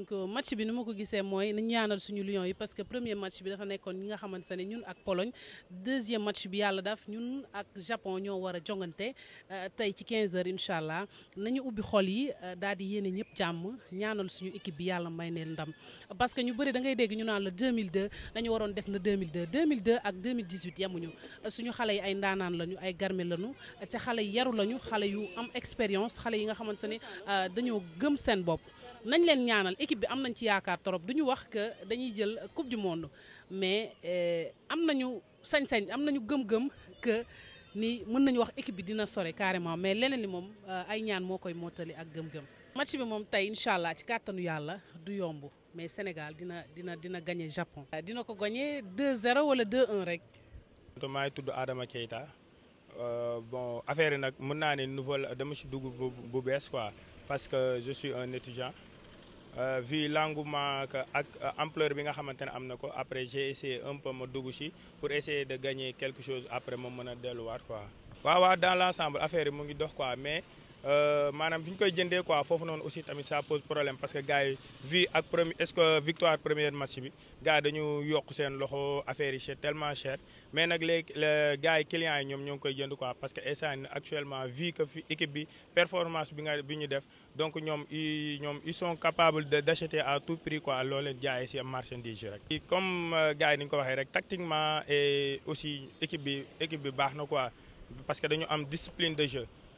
donc euh, match bi ni ma ko gisee mooy nañu ñaanal suñu Lions yi parce que premier match bi dafa nekkoon ñi nga xamante ne ñun ak Pologne deuxième match bi yàlla daf ñun ak Japon ñoo war a jongante euh, tey ci 15 heures incha allah nañu ubbi xol yi euh, daal di yéene ñëpp jàmm ñaanal suñu équipe bi yàlla may neen ndam parce que ñu bëri dangay ngay dégg ñu naan la 2002 dañu waroon def na 2002 2002 ak 2018 yemuñu suñu xale yi ay ndaanaan lañu ay garme lañu te xale yi yaru lañu xale yu am expérience xale yi nga xamante ne dañoo gëm seen bopp équipe bi am nañ ci yaakaar torop du ñu wax que dañuy jël coupe du monde mais eh, am nañu sañ-sañ am nañu gëm-gëm que ni mën nañu wax équipe bi dina sore carrément mais leneen li moom eh, ay ñaan moo koy mottali ak gëm-gëm. match bi moom tey incha allah ci kattanu yàlla du yomb mais Sénégal dina dina dina gagné Japon. Eh, dina ko gañe 2-0 wala 2 un rek. maa ngi tudd Adama Keita bon affaire nag mën naa ne nouvelle dama ci dugg bu bu bees quoi parce que je suis un étudiant. Euh, vu l'engouement et l'ampleur que euh, nga xamante après j'ai essayé un peu ma dougouchi pour essayer de gagner quelque chose après mon mën de quoi. dans l'ensemble l'affaire affaire yi quoi mais. Euh, maanaam fi ñu koy jëndé quoi fofu non aussi tamit ça pose problème parce que gars yi vie ak premier est-ce que victoire première match bi gars dañu yok sen loxo affaire yi c'est tellement cher mais nak le gars yi client ñom ñong koy jënd quoi parce que instant actuellement vu que fi équipe bi performance bi nga biñu def donc ñom ñom ils sont capables de d'acheter à tout prix quoi lolé jaay ci si marchandise rek. comme euh, gars yi ni ñu ko waxé rek tactiquement et aussi équipe bi équipe bi baxna quoi parce que dañu am discipline de jeu.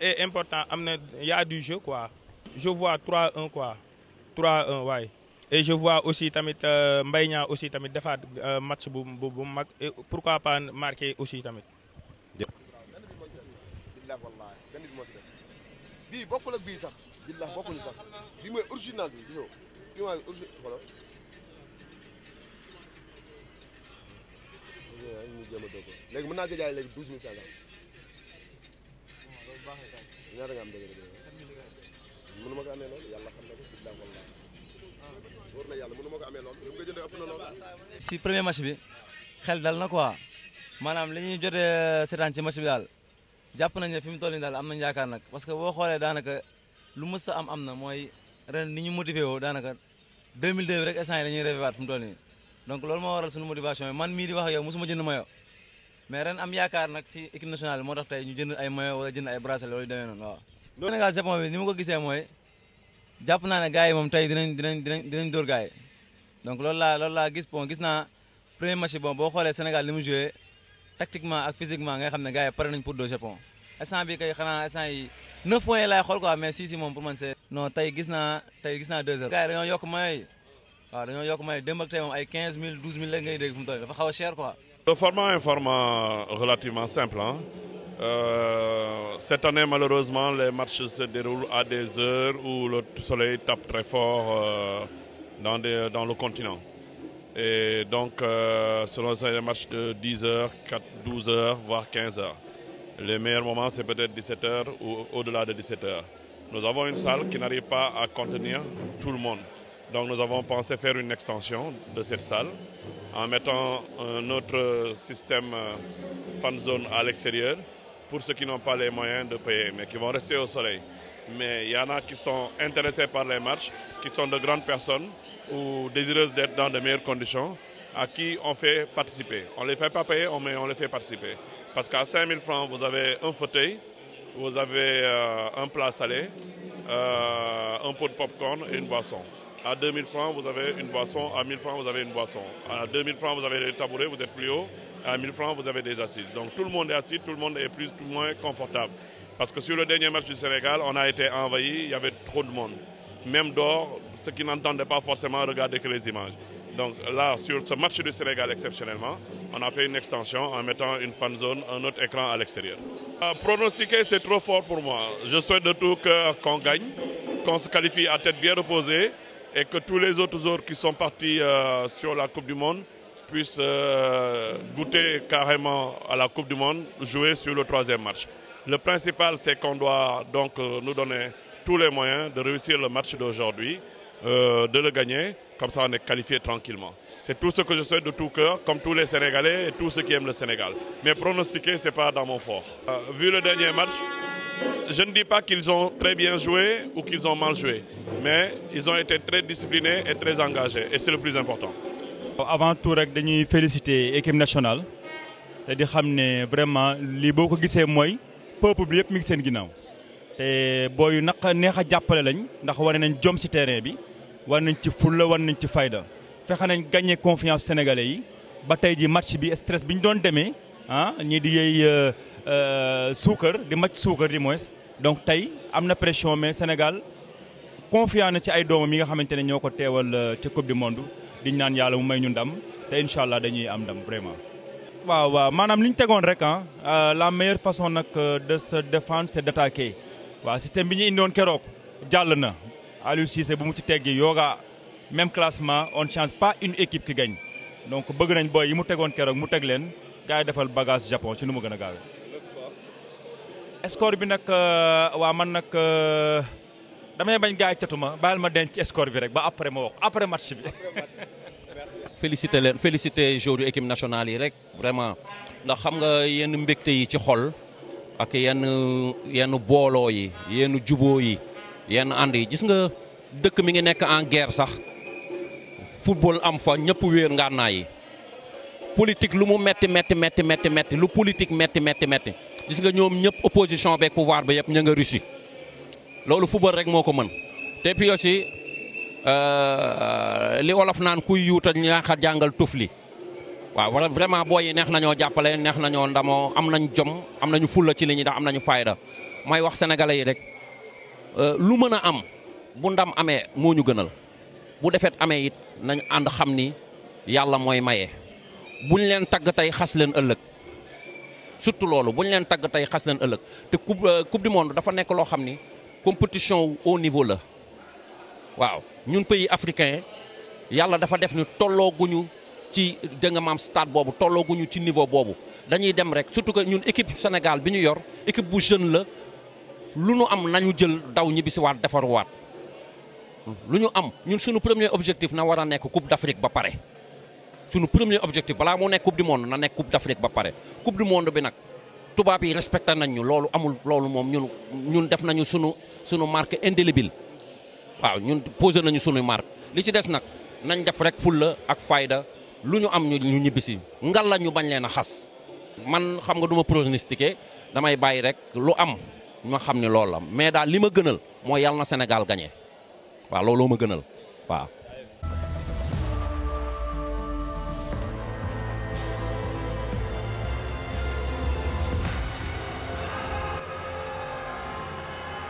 est important. Il y a du jeu, quoi. Je vois 3-1, quoi. 3-1, ouais. Et je vois aussi Tamit euh, Mbaïna aussi Tamit défaire euh, match pourquoi pas marquer aussi Tamit. bii bokkul ak bii sax billaah bokkuñu sax bi mooy original bi ñëw bi mooy original voilà. léegi mën naa ko jaay léegi douze mille cinq cent ñaata nga am dëgg dëgg ma ko amee loolu yàlla xam na yàlla mënu ma amee loolu li mu si premier match bi xel dal na quoi maanaam li ñuy jotee euh, seetaan ci match bi daal jàpp nañ ne fi mu toll nii daal am nañ yaakaar nag parce que boo xoolee daanaka lu mësta am am na mooy ren ni ñu motivé woo daanaka 2002 bi rek instant yi dañuy rêvé waat fi mu toll donc loolu moo waral suñu motivation man mii di wax ak yow mosuma jënd mayo mais ren am yaakaar nag ci équipe nationale bi moo tax tey ñu ay maillot wala jënd ay bracelet loolu demee noonu waaw. Sénégal Japon bi ko gisee mooy jàpp na ne gars yi moom tey dinañ dinañ dinañ dinañ dóor gars yi donc loolu laa loolu laa gis bon gis na premier match bon boo xoole Sénégal li mu joué tactiquement ak physiquement nga xam ne gars yi pare nañ pour dóor Japon instant bi kay xanaa instant yi neuf points laay xool quoi mais si si moom pour man c'est non gis naa tey gis naa deux heures gars yi dañoo yokk maillot yi waaw dañoo ay quinze mille douze mille Le format est un format relativement simple. Hein. Euh, cette année, malheureusement, les matchs se déroulent à des heures où le soleil tape très fort euh, dans, le continent. Et donc, euh, selon les matchs de 10 h 12 heures, voire 15 heures. Le meilleur moment, c'est peut-être 17 heures ou au-delà de 17 heures. Nous avons une salle qui n'arrive pas à contenir tout le monde. Donc, nous avons pensé faire une extension de cette salle en mettant notre système euh, fan zone à l'extérieur pour ceux qui n'ont pas les moyens de payer, mais qui vont rester au soleil. Mais il y en a qui sont intéressés par les matchs, qui sont de grandes personnes ou désireuses d'être dans de meilleures conditions, à qui on fait participer. On ne les fait pas payer, mais on les fait participer. Parce qu'à 5000 francs, vous avez un fauteuil, vous avez euh, un plat salé, euh, un pot de pop corn et une boisson. À 2000 francs, vous avez une boisson. À 1000 francs, vous avez une boisson. À 2000 francs, vous avez des tabourets, vous êtes plus haut. À 1000 francs, vous avez des assises. Donc tout le monde est assis, tout le monde est plus ou moins confortable. Parce que sur le dernier match du Sénégal, on a été envahi, il y avait trop de monde. Même dehors, ceux qui n'entendaient pas forcément regarder que les images. Donc là, sur ce match du Sénégal exceptionnellement, on a fait une extension en mettant une fan zone, un autre écran à l'extérieur. Euh, pronostiquer, c'est trop fort pour moi. Je souhaite de tout qu'on gagne, qu'on se qualifie à tête bien reposée et que tous les autres autres qui sont partis euh, sur la Coupe du Monde puissent euh, goûter carrément à la Coupe du Monde, jouer sur le troisième match. Le principal, c'est qu'on doit donc euh, nous donner tous les moyens de réussir le match d'aujourd'hui, de le gagner, comme ça on est qualifié tranquillement. C'est tout ce que je souhaite de tout cœur, comme tous les Sénégalais et tous ceux qui aiment le Sénégal. Mais pronostiquer, ce n'est pas dans mon fort. vu le dernier match, je ne dis pas qu'ils ont très bien joué ou qu'ils ont mal joué, mais ils ont été très disciplinés et très engagés, et c'est le plus important. Avant tout, je dañuy féliciter l'équipe nationale te di xam ne vraiment li boo ko gisee mooy peuple bi yëpp mi ngi seen ginnaaw te booyu naq on a jàppale lañ ndax wane nañ jom ci terrain bi wane nañ ci fulla wane nañ ci fayda fexe nañ gagné confiance sénégalais yi ba match bi stress bi on doon demee ah ñii di euh, Euh, suukar di màcc suukar di moins donc tey am na pression mais Sénégal confiant ci ay doomam yi nga xamante ne ñoo ko teewal euh, ca coupe du monde di naan yàlla mu may ñu ndam te incha allah dañuy am ndam vraiment. waaw waaw maanaam li ñu tegoon rek ah euh, la meilleure façon nag de se défendre c'est d'attaquer waaw système bi ñu indiwoon keroog jàll na Aliou bu mu ci teggi yooga même classement on ne change pas une équipe qui gagne donc bëgg nañ booy yi mu tegoon keroog mu teg leen gars defal bagage Japon mu gën a gaawee. score bi nag euh, waa man nag euh, damay bañ gaa yi catuma baal ma denc score bi rek ba après ma wax après match bi. félicité leen félicité jour yu équipe nationale yi rek vraiment ndax xam nga yenn mbégte yi ci xol ak yenn yenn booloo yi yenn juboo yi yenn ànd yi gis nga dëkk mi ngi nekk en guerre sax football am fa ñëpp wéer ngànnaay yi politique lu mu metti metti metti metti metti lu politique metti metti metti gis nga ñoom ñëpp opposition beeg pouvoir ba yëpp ña nga Russie loolu football rek moo ko mën te puis aussi euh, li olof naan kuy yuutal ñaax a jàngal tufli waaw vraiment booy yi neex nañoo jàppale neex nañoo ndamoo am nañ jom am nañu fulla ci li ñuy def am nañu fayda may wax sénégalais yi rek euh, lu mën a am bu ndam amee moo ñu gënal bu defet amee it nañ ànd xam ni yàlla mooy maye buñ leen tagg xas leen ëllëg. surtout loolu bu ñu leen tagg tey xas leen ëllëg te coupe euh, coupe du monde dafa nekk loo xam ni compétition au niveau la waaw ñun pays africain yàlla dafa def ni tollooguñu ci da nga maam stade boobu tollooguñu ci niveau boobu dañuy dem rek surtout que ñun équipe Sénégal bi ñu yor équipe bu jeune la lu ñu am nañu jël daw ñibbisiwaat defaruwaat lu ñu am ñun sunu premier objectif na war a nekk coupe d'Afrique ba pare. sunu premier objectif balaa moo nekk coupe du monde na nekk coupe d'Afrique ba pare coupe du monde bi nag tubaab yi respecté nañ ñu loolu amul loolu moom ñun ñun def nañu sunu sunu marque indélébile waaw ñun posé nañu sunu marque li ci des nag nañ def rek fulla ak fayda lu ñu am ñu ñu ñibbisi ngal la ñu bañ leen a xas man xam nga duma ma pronostiqué damay bàyyi rek lu am ma xam ne loolu la mais daal li ma gënal mooy yàlla na Sénégal gagné waaw looloo ma gënal waaw